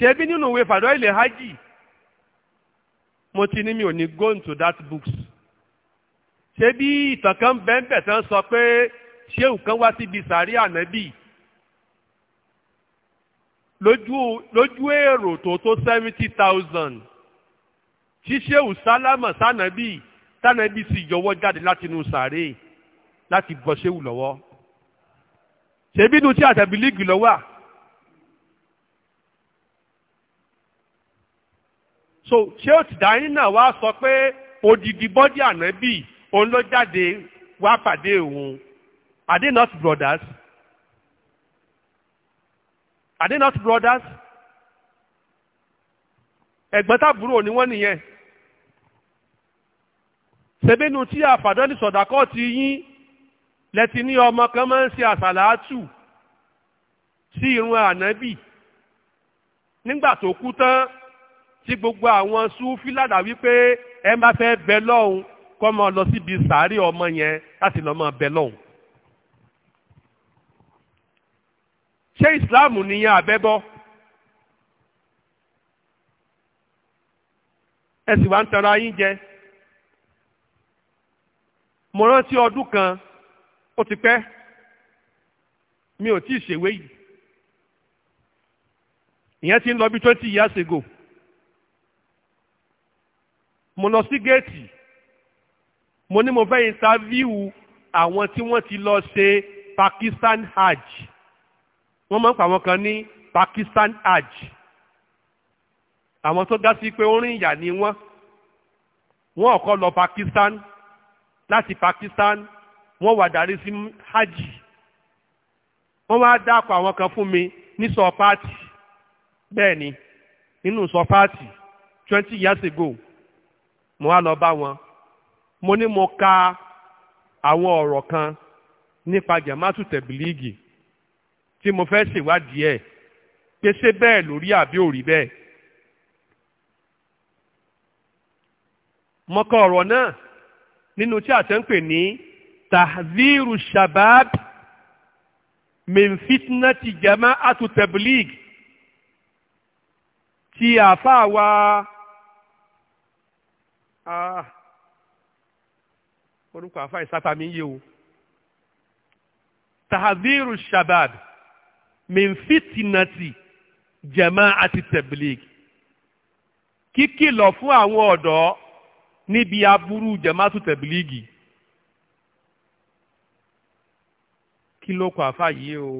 ṣebí nínú ìwé fàdọ́ ilẹ̀ hajj mo ti ní mi ò ní go into that books ṣebí ìtàn kan bẹ́ẹ̀nbẹ̀ tán sọ pé ṣéwù kan wá síbi sàárì ànábì lójú èrò tó tó seventy thousand tí ṣéwù sálámà sànábì tànábì sì yọwọ́ jáde láti inú sàárè láti bọ́ ṣéwù lọ́wọ́ ṣebí inú tí àtàbí líìgì lọ́wọ́ à. so ṣé Tìjàní náà wá sọ pé odidi bọ́dí ànábì òun ló jáde wá pàdé òun are they not brothers are they not brothers ẹ̀gbọ́n tàbúrò ni wọ́n nìyẹn ṣèbínú tí àfàdọ́lì sọ̀dàkọ́ ti yín lẹ́tí ní ọmọ kan máa ń ṣe àṣàlàátù sí irun ànábì nígbà tó kú tán tí gbogbo àwọn súfì ládàá wípé ẹ má fẹ́ bẹ lọ́hùn kọ́ máa lọ síbi sàárè ọmọ yẹn láti lọ́ọ́ máa bẹ lọ́hùn. ṣé ìsìláàmù nìyẹn àbẹ́bọ́? ẹ sì wá ń tara yín jẹ mo rántí ọdún kan ó ti pẹ́ mi ò tí ì ṣèwé yìí ìyẹn ti ń lọ bí twenty years ago mo lọ sí géètì mo ní mo fẹ́ intaviu àwọn tí wọ́n ti lọ ṣe Pakistan hajj wọ́n máa ń pa àwọn kan ní Pakistan hajj àwọn tó dá sí pé orin ìyà ni wọ́n wọ́n ọ̀kọ́ lọ Pakistan láti Pakistan wọ́n wá darí sí hajj wọ́n wá dápọ̀ àwọn kan fún mi ní sọ pààtì bẹ́ẹ̀ ni nínú sọ pààtì twenty years ago mo wá lọ bá wọn mo ní mo ka àwọn ọ̀rọ̀ kan nípa jamaatu tẹ̀bílíìgì tí mo fẹ́ ṣèwádìí ẹ̀ pé ṣé bẹ́ẹ̀ lórí àbí òrí bẹ́ẹ̀. mo ka ọ̀rọ̀ náà nínú tí àtẹ̀ ń pè ní tahziru shabab min fitnati jamaatu tẹ̀bílíìgì Ti àfáà wa ah orúkọ àfáà ìsápá mi yé o tahadiru shabab min fitinati jama'ati tabligh kíkìlọ̀ fún àwọn ọ̀dọ́ níbi aburú jama'atu tabligh kí ló kọ àfáà yìí o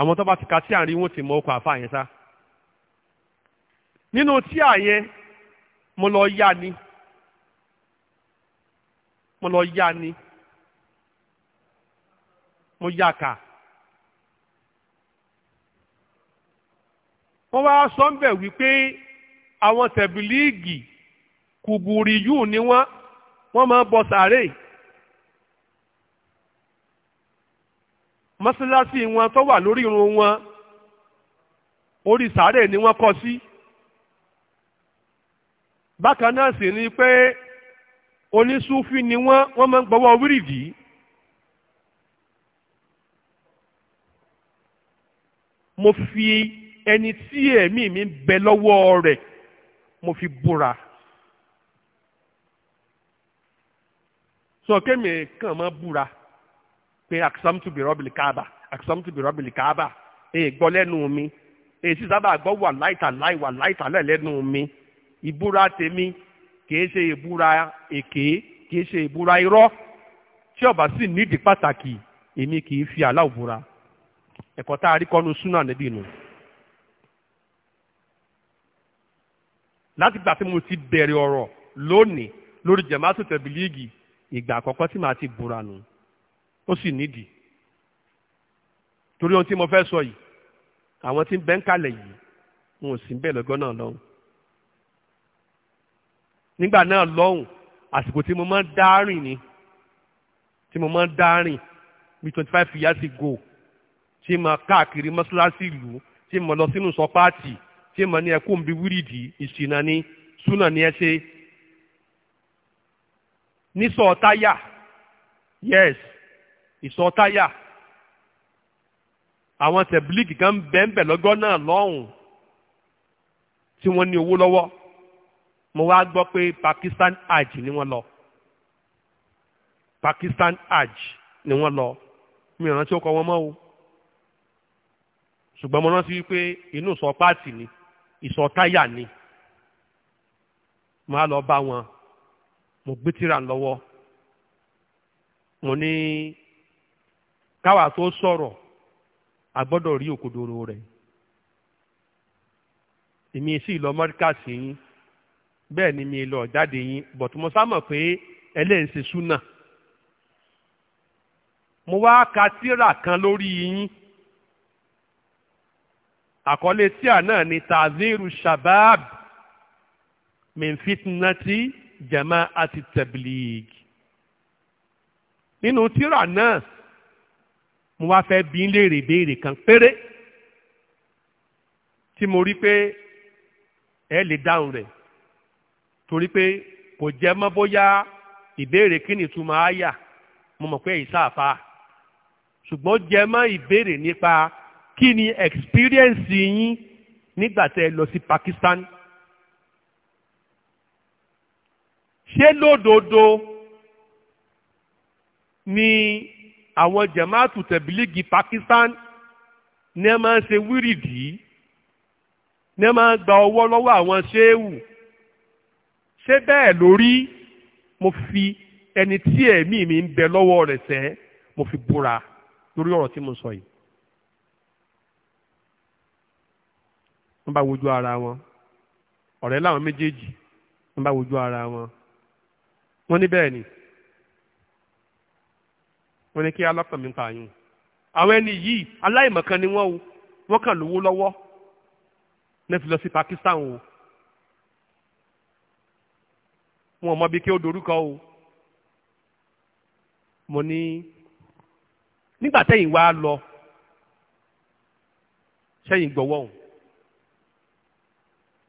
àwọn tó bá ti ka sí àárín wọn ti mọ ọkọ àfáà yẹn sá. nínú tí yẹn mo lọ yá ni mo lọ yá ni mo yá wá sọ ń bẹ̀ wípé àwọn tẹ̀bílíìgì kùbùrì yù ni wọn wọn máa ń bọ sàárè mọ́sálásí wọn tó wà lórí irun wọn orí sàárè ni wọ́n kọ́ sí. Si bákan náà sì ni pé onísúfì ni wọ́n wọ́n máa ń gbọ́wọ́ wíìrìdì mo fi ẹni tí ẹ̀mí mi ń bẹ lọ́wọ́ rẹ̀ mo fi búra. sọ kémi kàn máa búra pé àkísàmùtù bìrọ̀ bìlì káàbà àkísàmùtù bìrọ̀ bìlì káàbà èè gbọ́ lẹ́nu mi èè sì sábà gbọ́ wà láìta láì wà láìta lẹ́lẹ́nu mi ìbúra tèmi kìí ṣe ìbúra èké kìí ṣe ìbúra irọ́ tí ó bá sì nídìí pàtàkì èmi kìí fi aláwọ̀ búra ẹ̀kọ́ tá a rí kọ́nu súnà níbí nù. láti gbà tí mo ti bẹ̀rẹ̀ ọ̀rọ̀ lónìí lórí jẹ̀mátù tẹ̀bílíìgì ìgbà àkọ́kọ́ tí màá ti búra nù ó sì nídìí torí ohun tí mo fẹ́ sọ yìí àwọn tí ń bẹ ń kalẹ̀ yìí wọn ò sí ń bẹ̀ lọ́gọ́ náà lọ́hùn nígbà náà lọ́hùn àsìkò tí mo máa ń dá ni tí mo máa ń dá rìn bíi twenty five years ago tí mo káàkiri mọ́ṣáláṣí ìlú tí mo lọ sínú sọ páàtì tí mo ní ẹkún bíi wíìdì ìṣìnà ni súnà ni ẹ ṣe. nísọ táyà yes ìsọ táyà àwọn tẹ̀blíìkì kan bẹ́ẹ̀ bẹ́ẹ̀ lọ́gọ́ náà lọ́hùn tí wọ́n ní owó lọ́wọ́ mo wá gbọ́ pé Pakistan hajj ni wọ́n lọ Pakistan hajj ni wọ́n lọ mi ò rántí ọkọ̀ wọn mọ́ o ṣùgbọ́n mo rántí wípé inú ìsọ páàtì ni ìsọ táyà ni mo á lọ bá wọn mo gbé tírà lọ́wọ́ mo ní káwa tó sọ̀rọ̀ a gbọ́dọ̀ rí òkodoro rẹ̀ èmi sì lọ mọ́ríkà sí yín bẹ́ẹ̀ ni mi lọ jáde yín but mo sá mọ̀ pé ẹlẹ́ǹsẹ̀ súnà mo wá ka tíra kan lórí yín àkọlé tíra náà ni taziru shabab min fitnati jama ati tablig nínú tíra náà mo wá fẹ́ bi ń léèrè béèrè kan péré tí mo rí pé ẹ lè dáhùn rẹ̀ torí pé kò jẹ́ mọ́ bóyá ìbéèrè kí ni ìtumọ̀ àyà mo mọ̀ pé ìsáàfà ṣùgbọ́n jẹ́ mọ́ ìbéèrè nípa kí ni experience yín nígbà tẹ́ lọ sí Pakistan ṣé lódodo ni àwọn jamaatu tẹ̀bílígì Pakistan ní ẹ máa ń ṣe wírìdì ní ẹ máa ń gba ọwọ́ lọ́wọ́ àwọn ṣéèwù ṣé bẹ́ẹ̀ lórí mo fi ẹni tí ẹ̀mí mi ń bẹ lọ́wọ́ rẹ̀ sẹ́ mo fi búra lórí ọ̀rọ̀ tí mo sọ yìí. wọ́n bá wojú ara wọn ọ̀rẹ́ láwọn méjèèjì wọ́n bá wojú ara wọn wọ́n ní bẹ́ẹ̀ ni wọ́n ní kí alákàn mi pààyàn àwọn ẹni yìí aláìmọ̀kan ni wọ́n o wọ́n kàn lówó lọ́wọ́ náà lọ sí Pakistan o wọn ò mọ bí kí ó dorúkọ o mo ní nígbà tẹ́yìn wá lọ sẹ́yìn gbọ́wọ́ òun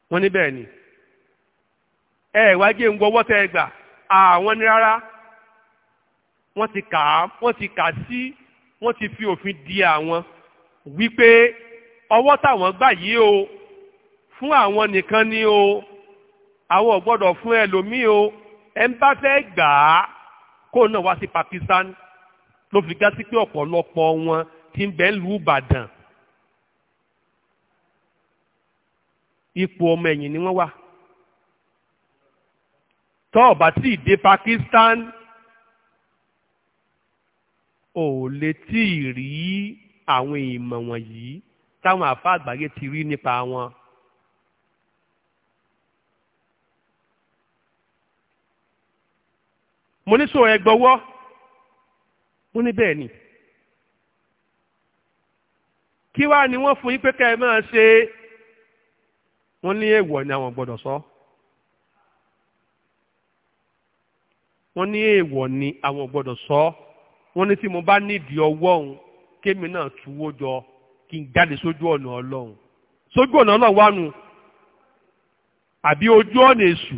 wọ́n ní bẹ́ẹ̀ ni ẹ ẹ̀ wájú ń gbọ́wọ́ tẹ́ ẹ gbà àwọn ní rárá wọ́n ti kà á wọ́n ti kà sí wọ́n ti fi òfin di àwọn wípé ọwọ́ táwọn gbà yìí o fún àwọn nìkan ni o àwọn ò gbọ́dọ̀ fún ẹlòmíì o ẹ ń bá fẹ́ gbà á kó náà wá sí Pakistan ló fi gá sí pé ọ̀pọ̀lọpọ̀ wọn ti ń bẹ ń lu Ìbàdàn ipò ọmọ ẹ̀yìn ni wọ́n wà tọ́ ọ̀bá tí ì dé Pakistan ò lè tí ì rí àwọn ìmọ̀ wọ̀nyí táwọn àfa àgbáyé ti rí nípa wọn. mo ní sọ ẹ gbọ́wọ́ mo ní bẹ́ẹ̀ ni kí wá ni wọ́n fún yín pé ká ẹ máa ṣe wọ́n ní èèwọ̀ ni àwọn gbọ́dọ̀ sọ wọ́n ní èèwọ̀ ni àwọn gbọ́dọ̀ sọ wọ́n ní tí mo bá nídìí ọwọ́ òun kémi náà túwó jọ kí n jáde sójú ọ̀nà ọlọ́run sójú ọ̀nà ọlọ́run wánu àbí ojú ọ̀nà èṣù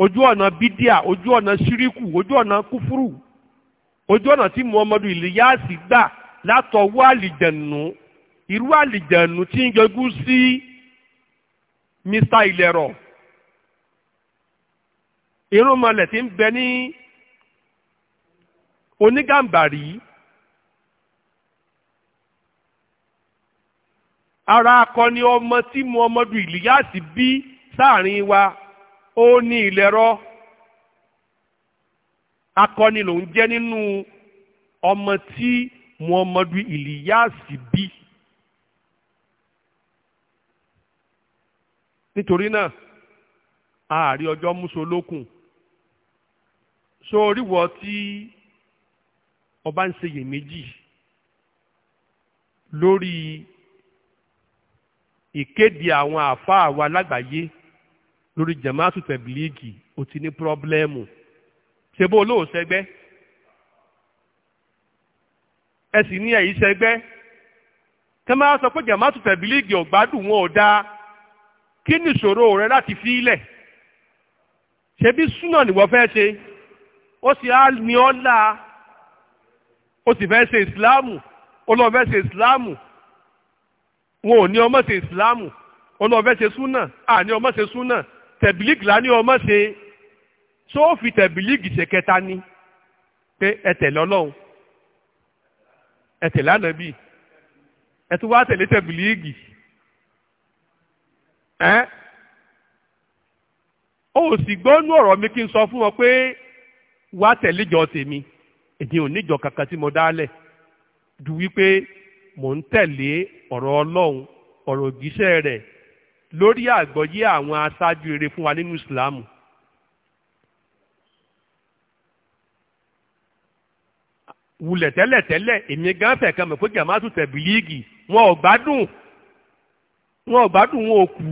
ojú ọ̀nà bídíà ojú ọ̀nà ṣíríkù ojú ọ̀nà kúfúrù ojú ọ̀nà tí muhammadu ilyasi gbà látọwọ́ àlìjẹ̀nù irú àlìjẹ̀nù tí ń yọjú sí mr ilẹ̀rọ̀ irúnmọlẹ̀ tí ń bẹ ní onígàmbàrí ara akọni ọmọ tí muhammadu ilyasi bí sáàrin wa. ó ní ìlẹ́rọ akọni lòún jẹ́ nínú ọmọ tí muhammadu iliyasi bí. nítorí náà ààrí ọjọ́ músolókùn so oríwọ tí ọba ń ṣeyèméjì lórí ìkéde àwọn àáfàá wa lágbàáyé lórí jamaatu tẹ̀bílíìgì o ti ní pírọ́blẹ́mù ṣe bó olóò sẹ́gbẹ́ ẹ sì ní ẹ̀yìn sẹ́gbẹ́ kẹ́ máa sọ pé jamaatu tẹ̀bílíìgì ọ̀gbádùn wọn ò dáa kí ni ìṣòro rẹ láti fi ilẹ̀ ṣebí súnà ni wọ́n fẹ́ ṣe ó sì á ní ọ́ là ó sì fẹ́ ṣe ìsìláàmù ó lọ́ọ́ fẹ́ ṣe ìsìláàmù wọn ò ní ọmọ ṣe ìsìláàmù ó ṣe súnà àní ọmọ ṣe súnà tẹ̀bílíìgì lá ní ọmọ ṣe tó fi tẹ̀bílíìgì ṣe kẹta ni pé ẹ tẹ̀lé ọlọ́run ẹ tẹ̀lé ànábì ẹ tún wá tẹ̀lé tẹ̀bílíìgì ẹ́ ó sì mi kí n sọ fún ọ pé wá tẹ̀lé ìjọ tèmi èdè oníjọ kankan tí mo dálẹ̀ dù wípé mò ń tẹ̀lé ọ̀rọ̀ ọlọ́run ọ̀rọ̀ òjíṣẹ́ rẹ̀ lórí àgbọ́yé àwọn aṣáájú rere fún wa nínú ìsìláàmù. wulẹ̀ tẹ́lẹ̀tẹ́lẹ̀ èmi gan fẹ́ kan mọ̀ pé jàmátù tẹ̀bílíìgì wọn ò gbádùn wọn ò gbádùn wọn ò kú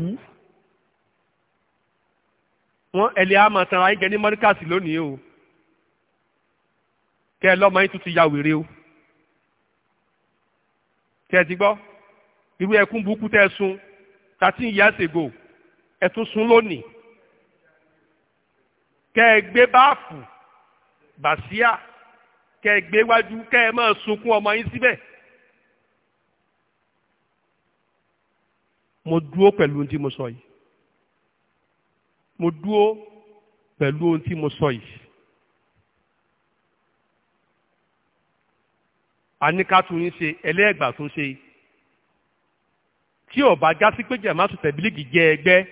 wọn ẹlẹ́ àmọ́ tanra yín jẹ ní mọ́ríkàsì lónìí o kẹ́ ẹ lọ́mọ yín tún ti ya wèrè o kẹ́ ẹ ti gbọ́ irú ẹkún burúkú tẹ́ ẹ sun thirteen years ago ẹ tún sun lónìí kẹ ẹ gbé báàfù bàṣíà kẹ ẹ gbé wájú kẹ ẹ máa sunkún ọmọ yín síbẹ̀. mo dúró pẹ̀lú ohun tí mo sọ yìí mo dúró pẹ̀lú ohun tí mo sọ yìí. àníkàtúnyìn ṣe ẹlẹ́gbàá tún ṣe yìí tí ò bá já sí pé jẹ̀mátù tẹ̀bílíìgì jẹ́ ẹgbẹ́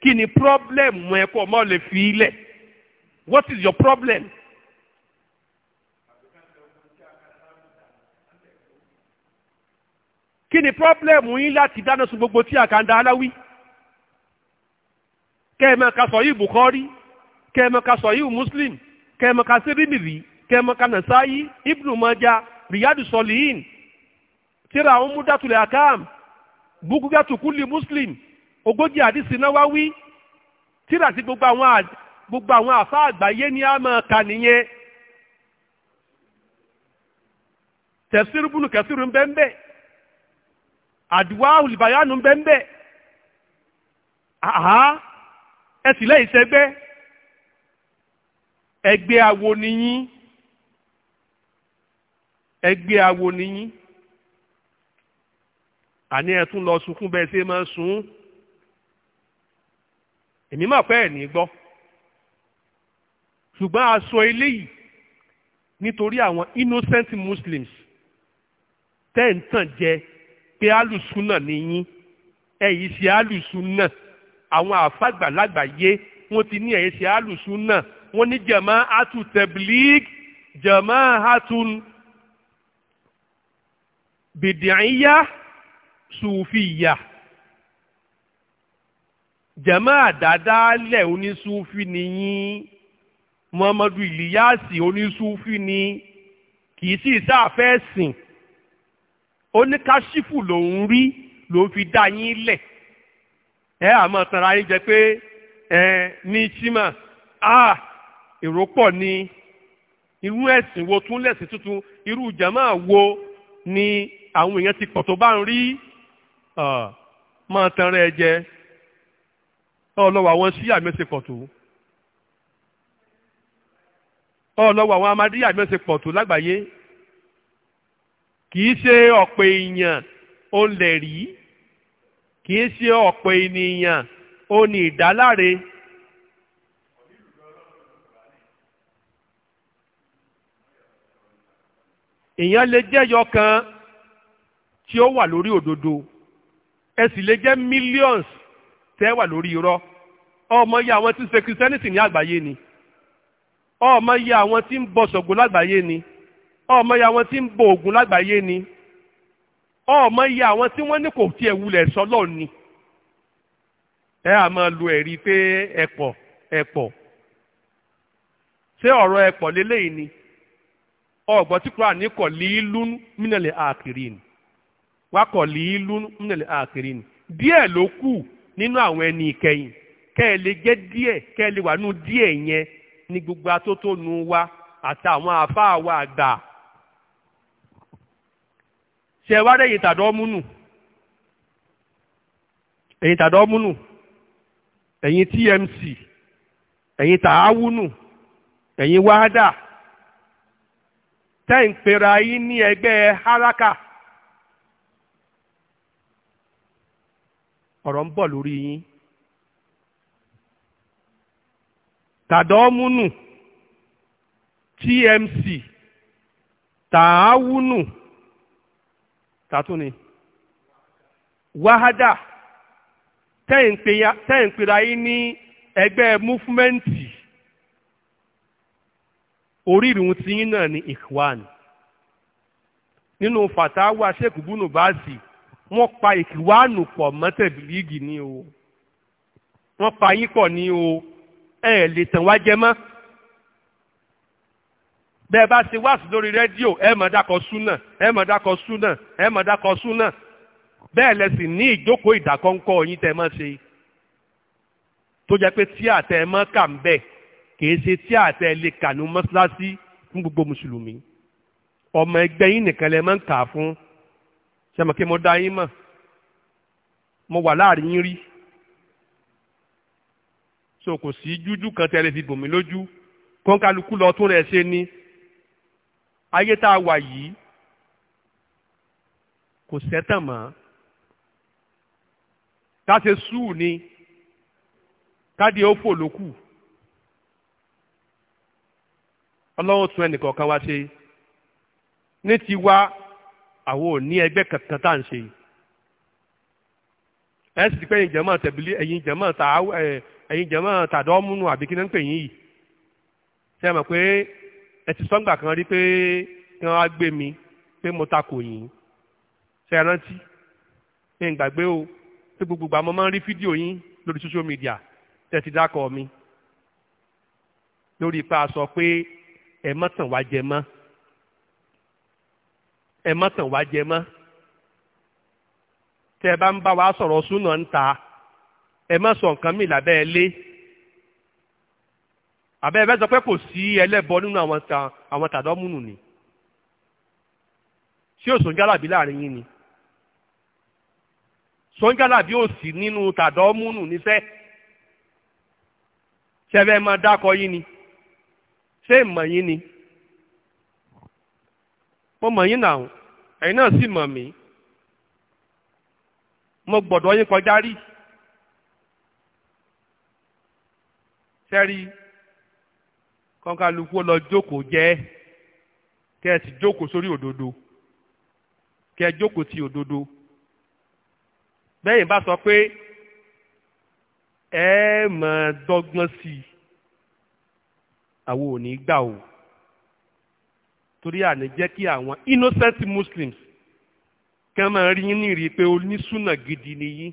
kí ni problem ẹ kó ọmọ lè fi ilẹ̀ what is your problem. kí ni problem yín láti dáná sun gbogbo tí àkàndá aláwí kẹ́ẹ̀mọ́ ka sọ yìí Bukhari kẹ́ẹ̀mọ́ ka sọ yìí Muslim kẹ́ẹ̀mọ́ ka sirimiri kẹ́ẹ̀mọ́ ka Nasayi Ibnu Maja Riyadu Solihin tíra àwọn múdàtúlẹ̀ akam bukugatu kuli muslim ogójì àdìsí náà wá wí tíra sí gbogbo àwọn gbogbo àwọn àfa àgbáyé ní àmọ́ ka nìyẹn tẹ̀sírí búnú kẹsírí ń bẹ́ ń bẹ́ àdìwá olùbáyánu ń bẹ́ ń bẹ́ àhá ẹ sì ẹgbẹ́ awo nìyí ẹgbẹ́ awo nìyí àní ẹ tún lọ sunkún bẹ́ẹ̀ ṣe máa ń sun èmi mà fẹ́ ẹ̀ ní gbọ́ ṣùgbọ́n a sọ eléyìí nítorí àwọn innocent muslims tẹ́ ń tàn jẹ pé alùsùnà ni yín ẹ̀yìn ṣe alùsùnà àwọn àfàgbàlagbàyé wọ́n ti ní ẹ̀yìn ṣe alùsùnà wọ́n ní jẹ̀mọ́ atu tẹ̀blík jẹ̀mọ́ atun bìdìáyá sùfìyà jàmáà àdádálẹ̀ onísùfì nìyín muhammadu ìlíyàsì onísùfì ni kì í sì sáfẹ́ sìn oníkàṣífù lòún rí lòún fi dá yín lẹ̀ ẹ àmọ́ tanra yín jẹ pé ẹ ní chima ah èrò pọ̀ ni irú ẹ̀sìn wo tún tuntun irú jàmáà wo ni àwọn èèyàn ti pọ̀ tó bá ń rí máa tanra ẹ jẹ ọlọ́wọ́ àwọn síyà mẹ́sẹ̀ pọ̀ tó ọlọ́wọ́ àwọn amadíyà mẹ́sẹ̀ pọ̀ tó lágbàáyé kì í ṣe ọ̀pọ̀ èèyàn ó lè rí kì í ṣe ọ̀pọ̀ ènìyàn ó ní ìdáláre. èèyàn lè jẹ́yọ kan tí ó wà lórí òdodo ẹ sì lè jẹ́ millions tẹ́ wà lórí irọ́ ọmọ iye àwọn tí ń ṣe christianity ní àgbáyé ni ọmọ iye àwọn tí ń bọ ṣògùn lágbàáyé ni ọmọ iye àwọn tí ń bọ ògùn lágbàáyé ni ọmọ iye àwọn tí wọ́n ní kò tiẹ̀ wulẹ̀ sọ́lọ́ ni ẹ à máa lu ẹ̀rí pé ẹ̀pọ̀ ẹ̀pọ̀ ṣé ọ̀rọ̀ ẹ̀pọ̀ lélẹ́yìn ni ọ̀gbọ́n tí kúrò àníkọ̀ lílú mínàlẹ̀ àkìrì ni. wákọ̀lì ìlú nílẹ̀ àkìrín díẹ̀ ló kù nínú àwọn ẹni ìkẹyìn kẹ́ ẹ lè jẹ́ díẹ̀ kẹ́ ẹ lè wà nù díẹ̀ yẹn ní gbogbo atótónu wa àti àwọn wa àgbà ṣe wá rẹ̀ ìtàdọ́ múnù múnù TMC wáádà ní ẹgbẹ́ haraka ọ̀rọ̀ ń bọ̀ lórí yín tàdọ́múnù tmc tàáwúnù tàtúni wáhádà tẹ́ǹpera yín ní ẹgbẹ́ múfúmẹ́ǹtì orírun tí yín náà ní ìkwán nínú fàtàwà sẹ́kùbúnù báàsì wọ́n pa ìkìwáànù pọ̀ mọ́tẹ̀bílíìgì ni o wọ́n pa yín pọ̀ ni o ẹ lè tàn wá jẹ mọ́ bẹ́ẹ̀ bá ṣe wáàsí lórí rédíò ẹ mọ̀ dákọ̀ súnà ẹ mọ̀ dákọ̀ súnà ẹ mọ̀ dákọ̀ súnà bẹ́ẹ̀ lẹ sì ní ìjókòó ìdákọ́ńkọ́ yín tẹ́ mọ́ ṣe tó jẹ́ pé tí àtẹ mọ́ kà ń bẹ̀ kìí ṣe tí àtẹ lè kà mọ́ṣáláṣí fún gbogbo mùsùlùmí ọmọ ẹgbẹ́ yín nìkan lẹ máa ń kà fún ṣe mọ̀ kí mo dá yín mọ̀ mo wà láàrin yín rí so kò sí jújú kan tẹ́lẹ̀ fi bò mí lójú kọ́ńkálukú lọ tún rẹ̀ ṣe ni ayé tá a wà yìí kò sẹ́tàn mọ́ ká ṣe sùúrù ni káde ó fò lókù ọlọ́run tún ẹnìkọ̀ọ̀kan wá ṣe ní tiwa àwọn ò ní ẹgbẹ́ kankan tá à ń ṣe yìí ẹ sì ti pé ẹ̀yin jẹ̀mọ́ tẹ̀bílì ẹ̀yin jẹ̀mọ́ tà ẹ̀yin jẹ̀mọ́ tàdọ́múnú àbí kí ni ń pè yín yìí ṣe mọ̀ pé ẹ ti sọ́ngbà kan rí pé kí wọ́n á gbé mi pé mo ta kò yín ṣe rántí ní ìgbàgbé o pé gbogbo àmọ́ máa ń rí fídíò yín lórí social media tẹ̀ ti dákọ̀ mi lórí ipa sọ pé ẹ mọ́tàn wá jẹ mọ́ ẹ má tàn wá jẹ mọ́ tẹ́ ẹ bá ń bá wa sọ̀rọ̀ súnà ń ta ẹ má sọ nǹkan mi lábẹ́ ẹ lé àbẹ́ ẹ bẹ́ sọ pé kò sí ẹlẹ́bọ nínú àwọn tàn àwọn tàdọ́mùnù ni ṣé ò sọ́njálàbí láàrin yín ni sọ́njálàbí ò sí nínú tàdọ́mùnù níṣẹ́ ṣẹ́fẹ́ máa dákọ yín ni ṣé ìmọ̀ yín ni mo mọ̀ yín náà ẹ̀yin náà sì mọ̀ mí mo gbọ́dọ̀ yín kọjá rí sẹ́rí kọ́ńkálukú lọ jókòó jẹ́ kẹ́ ẹ sì jókòó sórí òdodo kẹ́ ẹ jókòó ti òdodo bẹ́yìn bá sọ pé ẹ máa dọ́gbọ́n sí i àwọn ò ní gbà o. torí àní jẹ́ kí àwọn innocent muslims kẹ́ máa rí yín pé gidi ni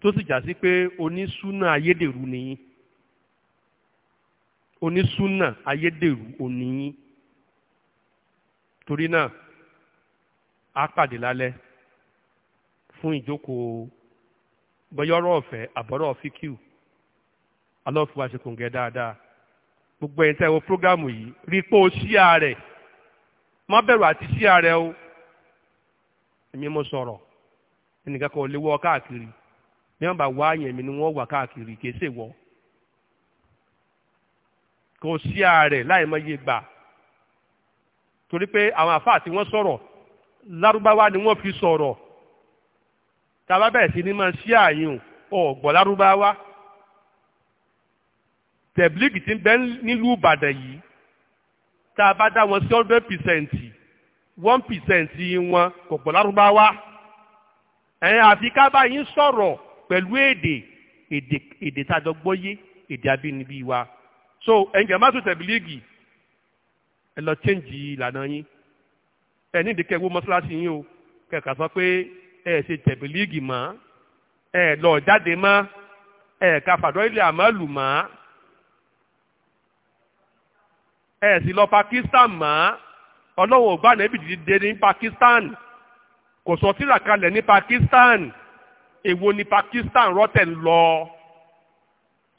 tó sì já sí pé onísùnà ayédèrú ni yín ayédèrú òní torí náà á pàdé lálẹ́ fún ìjókòó gbogbo ẹ̀ńtẹ́ wo prógámù yìí rí pé má bẹ̀rù àti sí ààrẹ o èmi mo sọ̀rọ̀ ẹnìkan kan ò lè wọ káàkiri bí wọ́n bá wá àyàn mi ni wọ́n wà káàkiri kì í ṣe wọ́ kò sí ààrẹ láì mọ iye gbà torí pé àwọn àfáà tí wọ́n sọ̀rọ̀ lárúbáwá ni wọ́n fi sọ̀rọ̀ tàbá bẹ̀rẹ̀ sí ni máa ṣí àyàn ọ̀gbọ̀n lárúbáwá tẹ̀blígì ti ń nílùú Ìbàdàn yìí tá a bá dá wọn sí hundred percent one percent wọn kò gbọ́ lárúbáwá ẹ̀yin àfi ká bá yín sọ̀rọ̀ pẹ̀lú èdè èdè èdè tájọ gbọ́yé èdè abínibí wa so ẹ̀yin jẹ́ má tó tẹ̀bí líìgì ẹ lọ chẹ́ǹjì ìlànà yín ẹ ní ìdíkẹ́ wo mọ́ṣáláṣí yín o kẹ̀kà sọ pé ẹ ṣe tẹ̀bí líìgì mọ́ ẹ lọ jáde mọ́ ẹ ká fàdọ́ ilé àmọ́ lù mọ́ ẹ sì lọ Pakistan mọ́ ọlọ́run ò bá nẹ́bì dìde ní Pakistan kò sọ tírà kalẹ̀ ní Pakistan èwo ni Pakistan rọ́tẹ̀ ń lọ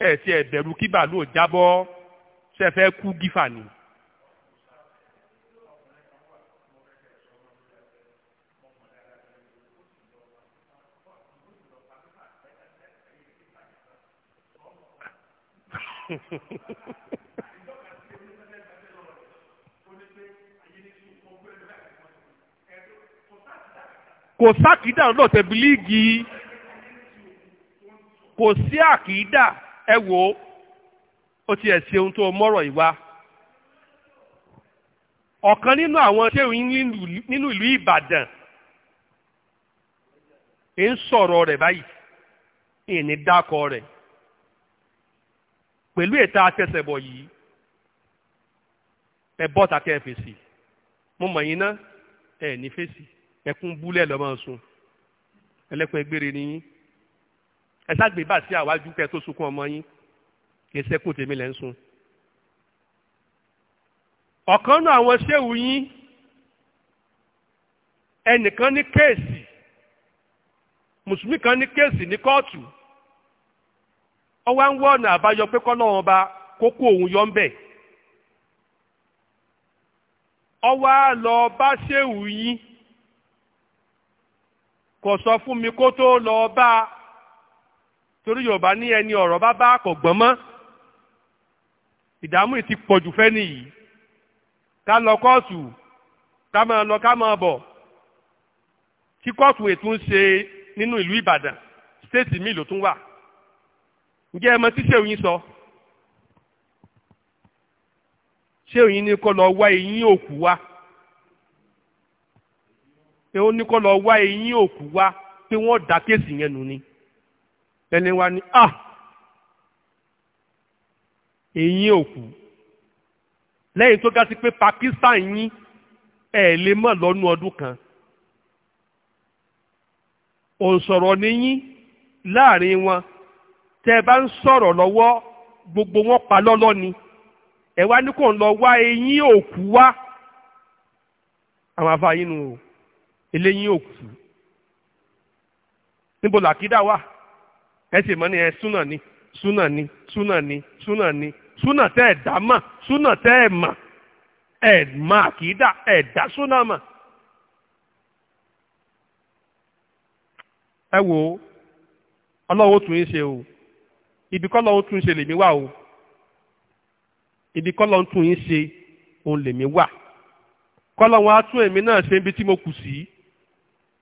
ẹ ti ẹ bẹ̀rù kí bàálù ò jábọ́ ṣe fẹ́ kú gífà ni. Ha ha ha ha. kò sákìdá lọ́dọ̀ tẹ̀bílíìgì kò sí àkìdá ẹ wò ó ó tiẹ̀ ṣe ohun tó mọ́rọ̀ ìwà ọ̀kan nínú àwọn ṣéwìn nínú ìlú Ìbàdàn ẹ ń sọ̀rọ̀ rẹ̀ báyìí ìní dákọ rẹ̀ pẹ̀lú ètò àtẹ̀sẹ̀bọ̀ yìí ẹ bọ́ta kẹ́ ẹ fèsì mo mọ̀ yín ná ẹ ní fèsì ẹkún búlẹ̀ lọ́mọ sùn ẹlẹ́kùn ẹgbẹ́rẹ́ ni yín ẹ ságbe bá sí àwájú kẹ tó sunkún ọmọ yín kì í sẹ́kùn tèmi lẹ́ ń sun. ọ̀kan náà àwọn ṣéwù yín ẹnìkan ní kéèsì mùsùlùmí kan ní kéèsì ní kóòtù ọwọ́ ń wọ́ ọ̀nà àbáyọ pé kọ́ náà wọn bá kókó òun yọ ń bẹ̀. ọwọ́ á lọ bá ṣéwù yín kò sọ fún mi kó tó lọ bá a torí yorùbá ní ẹni ọ̀rọ̀ bá bá kò gbọ́n mọ́ ìdààmú ti pọ̀jù fẹ́ nìyí ká lọ kóòtù ká máa lọ ká máa bọ̀ tí kóòtù ètò ń ṣe nínú ìlú ìbàdàn stéètì míì ló tún wà ǹjẹ́ ẹ mọ tí ṣèwìn sọ ṣèwìn ni kó lọ wá eyín òkú wa pé ó ní kó lọ wá eyín òkú wá pé wọ́n dá kéèsì yẹn nù ni ẹni wa ni ah eyín òkú lẹ́yìn tó ga sí pé Pakistan yín ẹ̀ lè mọ̀ lọ́nu ọdún kan òǹsọ̀rọ̀ ni yín láàrin wọn tẹ́ ẹ bá ń sọ̀rọ̀ lọ́wọ́ gbogbo wọn pa lọ́lọ́ ni ẹ wá ní kò ń lọ wá eyín òkú wá àwọn afáyín nu o. eléyìí ò níbo làkídà wà ẹ sì mọ ni ẹ súnà ni súnà ni súnà ni súnà ni súnà tẹ ẹ dá mà súnà tẹ ẹ mà ẹ mà àkídà ẹ o ibi kọ́ otu tún ń ṣe lèmi wà o ibi kọ́ otu tún ń ṣe òun lèmi wà a lọ́wọ́ á tún èmi náà ṣe ibi Si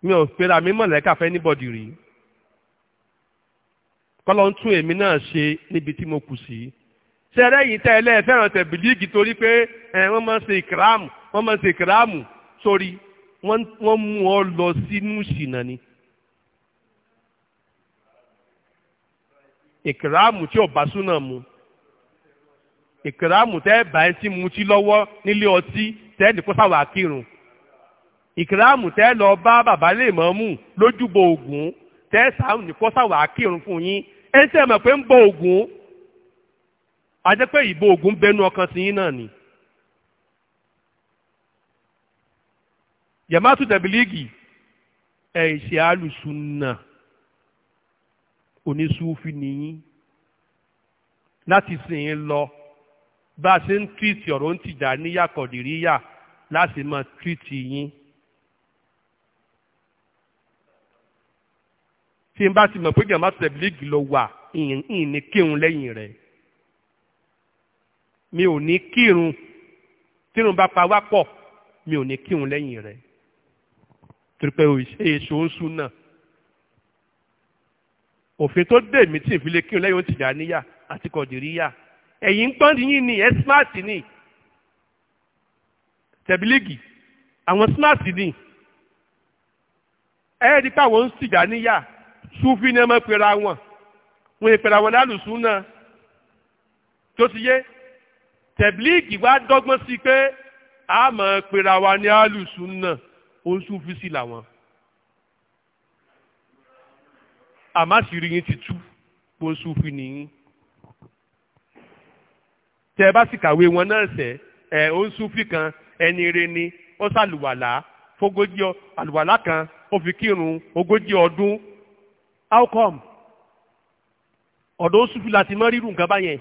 mi ò pera mi mọ̀lẹ́kà fẹ́ níbọ̀dì rí kọ́lọ́ ń tún èmi náà ṣe níbi tí mo kù sí ṣẹlẹ́ yìí tẹ́ ẹlẹ́ fẹ́ràn tẹ̀bílíìgì torí pé ẹ wọ́n máa ń ṣe ìkìráàmù wọ́n máa ń ṣe ìkìráàmù sórí wọ́n mú ọ lọ sínú ìṣìnà ni. ìkìráàmù tí ò bá súnà mu ìkìráàmù tẹ́ ẹ bá ẹ sí mutí lọ́wọ́ nílé ọtí tẹ́ ẹ nìkó sáwà kírun ìkìláàmù tẹ́ lọ bá bàbá lè mọ́ mú lójúbọ ògún tẹ́ sáà ní kọ́sàwà kírun fún yín ẹ ń tẹ́ mọ̀ pé ń bọ ògún àjẹ́ pé ìbò ògún bẹnu ọkàn sí yín náà ni. yamatu dabiligi ẹ̀ ṣe alùsùnà oníṣúfì nìyí láti sìn ín lọ bá a ṣe ń túìtì ọ̀rọ̀ ń tìjà níyà kọ̀dìríyà láti máa túìtì yín. tí n bá ti mọ̀ pé jàmbá tẹ̀blígì lọ wà ìyìn ní kírun lẹ́yìn rẹ̀ mi ò ní kírun tírun bá pa wá pọ̀ mi ò ní kírun lẹ́yìn rẹ̀ torí pé èso ń sún náà òfin tó dè mí tí ìfilé kírun lẹ́yìn òtìjà níyà àti kọ̀dìríyà ẹ̀yìn gbọ́ndì yín ni ẹ̀ smart ni tẹ̀bílígì àwọn smart ni ẹ̀ẹ́dì pàwọn ń sìjà níyà sufi ni ẹ máa pera wọn wọn ì pera wọn lálùsùn náà tó ti yé tẹ̀blíìgì wá dọ́gbọ́n sí pé a máa pera wa ní alùsùn náà ó ń sufi sí làwọn. àmásìrí yín ti tú kó sufi nìyí. tẹ ẹ bá sì kàwé wọn náà sẹ ẹ ó ń sufi kan ẹni re ni ó sàlùwàlà fógójì àlùwàlà kan ó fi kírun ogójì ọdún how come ọ̀dọ̀ sùfù láti mọ́ rírun nǹkan báyẹn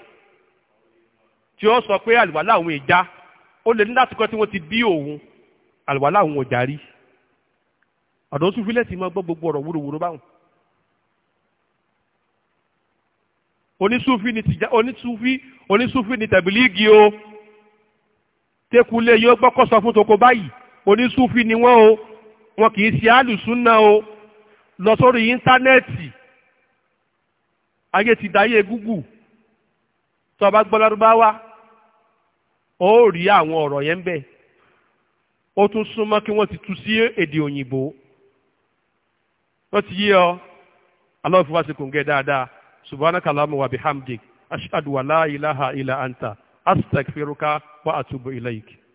tí ó sọ pé àlùwàlá àwọn ìjà ó lè ní láti kọ́ tí wọ́n ti bí òun àlùwàlá àwọn ọ̀jà rí ọ̀dọ̀ sùfù lẹ́sì mọ́ gbọ́ gbogbo ọ̀rọ̀ wúrowúro báwọn. onísùfì ni tìjà onísùfì onísùfì ni tàbílíìgì o tẹkulẹ yóò gbọ́kọ̀ sọ fún toko báyìí onísùfì ni wọ́n o wọn kì í ṣe àlùsùn náà o lọ sórí íńtánẹ́ẹ̀tì ayé ti dáyé Google tó o bá gbọ́ lárúbáwá ó rí àwọn ọ̀rọ̀ yẹn bẹ́ẹ̀ ó tún súnmọ́ kí wọ́n ti tú sí èdè òyìnbó wọ́n ti yí ọ Allah fi dáadáa subhanaka Allahumma wa bihamdi, ashhadu wa la ilaha illa anta astaghfiruka wa atubu ilaik.